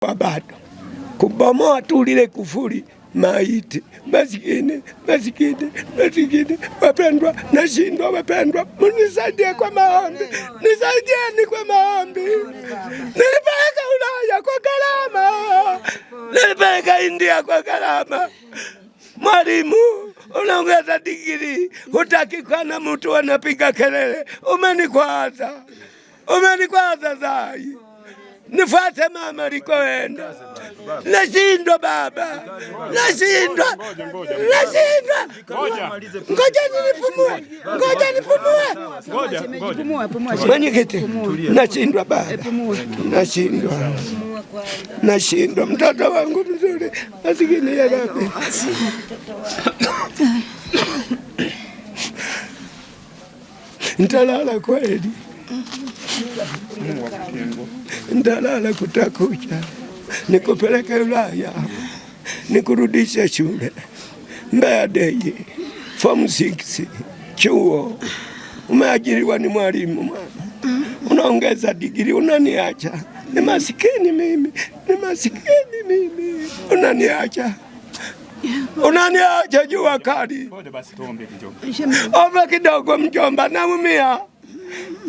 kwa Bado kubomoa tu lile kufuri maiti masikini masikini masikini. Wapendwa, nashindwa wapendwa, mnisaidie kwa maombi, nisaidieni kwa maombi. Nilipeleka Ulaya kwa gharama, nilipeleka India kwa gharama. Mwalimu, unaongeza digiri, hutakikana mtu anapiga kelele. Umenikwaza, umenikwaza zai Nifuate mama likoenda, nashindwa baba, nashindwa, nashindwa. Ngoja nipumue, ngoja nipumue. Mwenyekiti, nashindwa baba, eh, nashindwa, nashindwa. Mtoto wangu mzuri asikinia gapi? Ntalala kweli? ndalala kutakucha, nikupeleke Ulaya, nikurudishe shule Mbeya Dei form 6 chuo. Umeajiriwa ni mwalimu mama, unaongeza digiri, unaniacha. Ni masikini mimi, ni masikini mimi, unaniacha unaniacha jua kali. Omba kidogo mjomba, naumia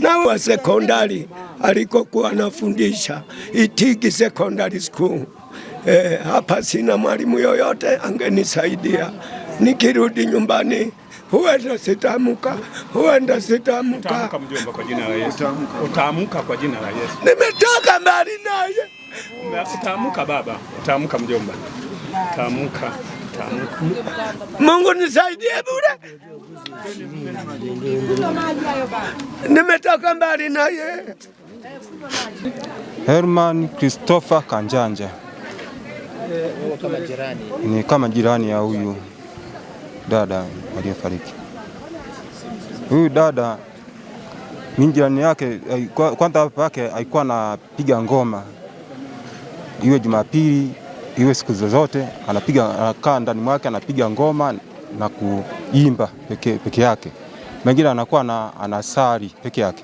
na wa sekondari alikokuwa anafundisha Itigi Secondary School. Eh, hapa sina mwalimu yoyote angenisaidia. Nikirudi nyumbani huenda sitamka, huenda sitamka. Utaamka kwa jina la Yesu. Nimetoka mbali naye. Utaamka baba, utaamka mjomba, utaamka. Mungu nisaidie bure. Nimetoka mbali naye. Herman Christopher Kanjanja ni kama jirani ya huyu dada aliyefariki. Huyu dada mimi jirani yake, eh, kwanza hapa yake alikuwa anapiga ngoma, iwe Jumapili iwe siku zozote, anapiga, anakaa ndani mwake anapiga ngoma na kuimba peke, peke yake, mengine anakuwa na anasali peke yake.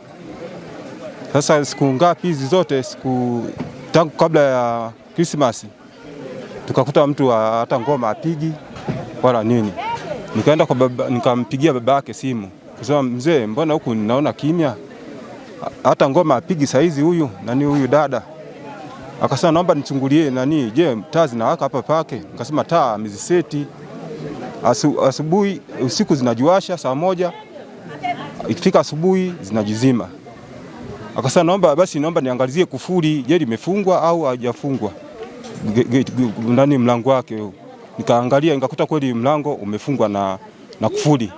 Sasa siku ngapi hizi zote siku tangu kabla ya Christmas tukakuta mtu hata ngoma apigi wala nini, nikaenda kwa baba, nikampigia baba yake simu kusema, mzee, mbona huku naona kimya, hata ngoma apigi saizi huyu nani huyu dada akasema, naomba nichungulie nani, je taa zinawaka hapa pake? Nikasema taa ameziseti asu, asubuhi usiku zinajiwasha saa moja, ikifika asubuhi zinajizima. Akasema naomba basi, naomba niangalizie kufuli, je, limefungwa au hajafungwa ndani mlango wake. Nikaangalia nikakuta kweli mlango umefungwa na, na kufuli.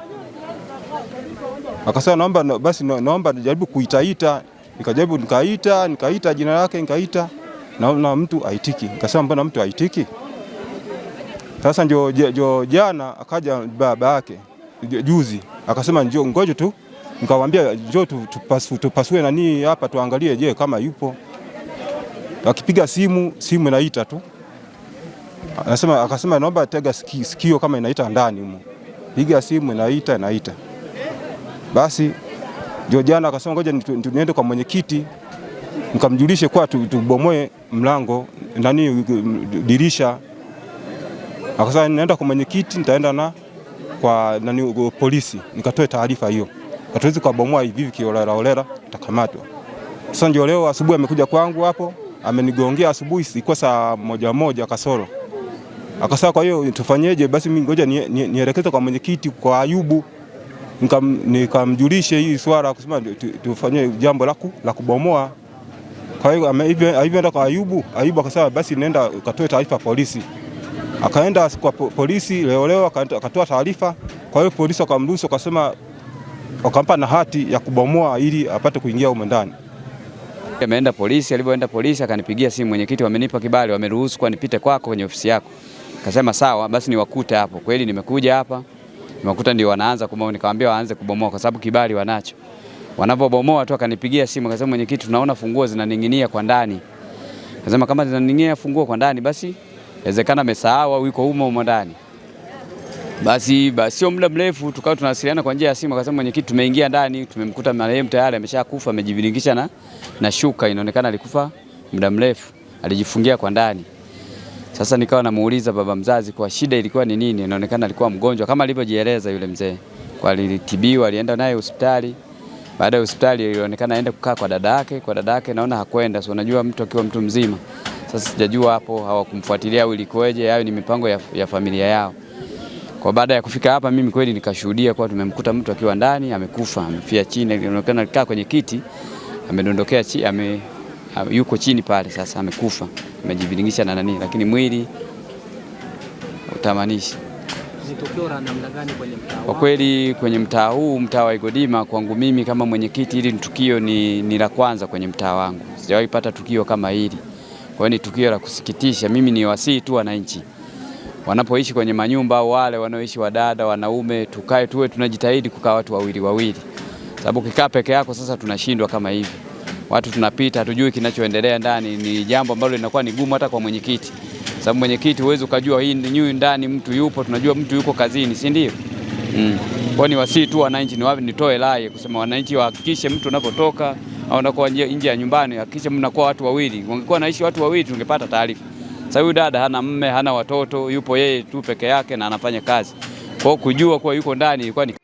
Akasema naomba basi, naomba nijaribu kuitaita. Nikajaribu nikaita nikaita jina lake nikaita, naona mtu aitiki. Nikasema mbona mtu aitiki? Sasa ndio ndio jana akaja baba yake juzi akasema njoo ngoje tu, nikamwambia njoo tupasu, tupasue nani hapa tuangalie, je kama yupo. Akipiga simu simu inaita tu, anasema akasema naomba tega sikio kama inaita ndani humo, piga simu inaita inaita. Basi ndio jana akasema ngoja niende kwa mwenyekiti nikamjulishe kwa tubomoe mlango nani dirisha akasema naenda kwa mwenyekiti, nitaenda na kwa nani, polisi nikatoe taarifa hiyo. Hatuwezi kuwabomoa hivi hivi kiolela olela, takamatwa. Sasa ndio leo asubuhi amekuja kwangu hapo, amenigongea asubuhi, sikuwa saa moja moja kasoro akasema kwa hiyo tufanyeje? Basi mimi ngoja nielekeze ni kwa mwenyekiti kwa Ayubu nikamjulishe hii swala kusema tufanye jambo la kubomoa. Kwa hiyo alivyoenda kwa Ayubu, Ayubu akasema basi nenda ukatoe taarifa polisi akaenda kwa polisi leo leo, akatoa taarifa. Kwa hiyo polisi wakamruhusu, wakasema wakampa na hati ya kubomoa ili apate kuingia humo ndani. Ameenda polisi, alipoenda polisi akanipigia simu, mwenyekiti, wamenipa kibali, wameruhusu kwa nipite kwako kwenye ofisi yako. Akasema sawa basi, niwakute hapo. Kweli nimekuja hapa nimekuta ndio wanaanza kubomoa, nikamwambia waanze kubomoa kwa sababu kibali wanacho. Wanapobomoa tu akanipigia simu akasema, mwenyekiti, tunaona funguo zinaning'inia kwa ndani. Akasema kama zinaning'inia funguo kwa ndani basi inawezekana amesahau au yuko humo humo ndani. Basi sio muda mrefu tukawa tunawasiliana kwa njia ya simu, akasema mwenyekiti, tumeingia ndani, tumemkuta marehemu tayari ameshakufa, amejiviringisha na, na shuka, inaonekana alikufa muda mrefu, alijifungia kwa ndani. Sasa nikawa namuuliza baba mzazi kwa shida ilikuwa ni nini. Inaonekana alikuwa mgonjwa kama alivyojieleza yule mzee, kwa alitibiwa, alienda naye hospitali. Baada ya hospitali, ilionekana aende kukaa kwa dada yake, kwa dada yake naona hakwenda. So unajua mtu akiwa mtu mzima sasa sijajua hapo hawakumfuatilia au ilikuwaje, hayo ni mipango ya, ya familia yao. Kwa baada ya kufika hapa, mimi kweli nikashuhudia kwa tumemkuta mtu akiwa ndani amekufa, amefia chini, inaonekana alikaa kwenye kiti, amedondokea chini, ame, yuko chini pale, sasa amekufa, amejivilingisha na nani, lakini mwili utamanishi kwa kweli kwenye mtaa huu, mtaa wa Igodima, kwangu mimi kama mwenyekiti, hili tukio ni, ni la kwanza kwenye mtaa wangu. Sijawahi pata tukio kama hili. Kwa hiyo ni tukio la kusikitisha. Mimi ni wasii tu wananchi wanapoishi kwenye manyumba au wale wanaoishi wadada, wanaume, tukae tuwe tunajitahidi kukaa watu wawili wawili, sababu ukikaa peke yako sasa tunashindwa kama hivi. Watu tunapita hatujui kinachoendelea ndani, ni jambo ambalo linakuwa ni gumu hata kwa mwenyekiti, sababu mwenyekiti huwezi ukajua hii nyui ndani mtu yupo, tunajua mtu yuko kazini, si ndio? Mm. Kwa ni wasii tu wananchi, nitoe rai kusema wananchi wahakikishe mtu unapotoka au unakuwa nje ya nyumbani, hakikisha mnakuwa watu wawili. Wangekuwa naishi watu wawili, tungepata taarifa. Sasa huyu dada hana mme, hana watoto, yupo yeye tu peke yake na anafanya kazi kwao, kujua kuwa yuko ndani ilikuwa ni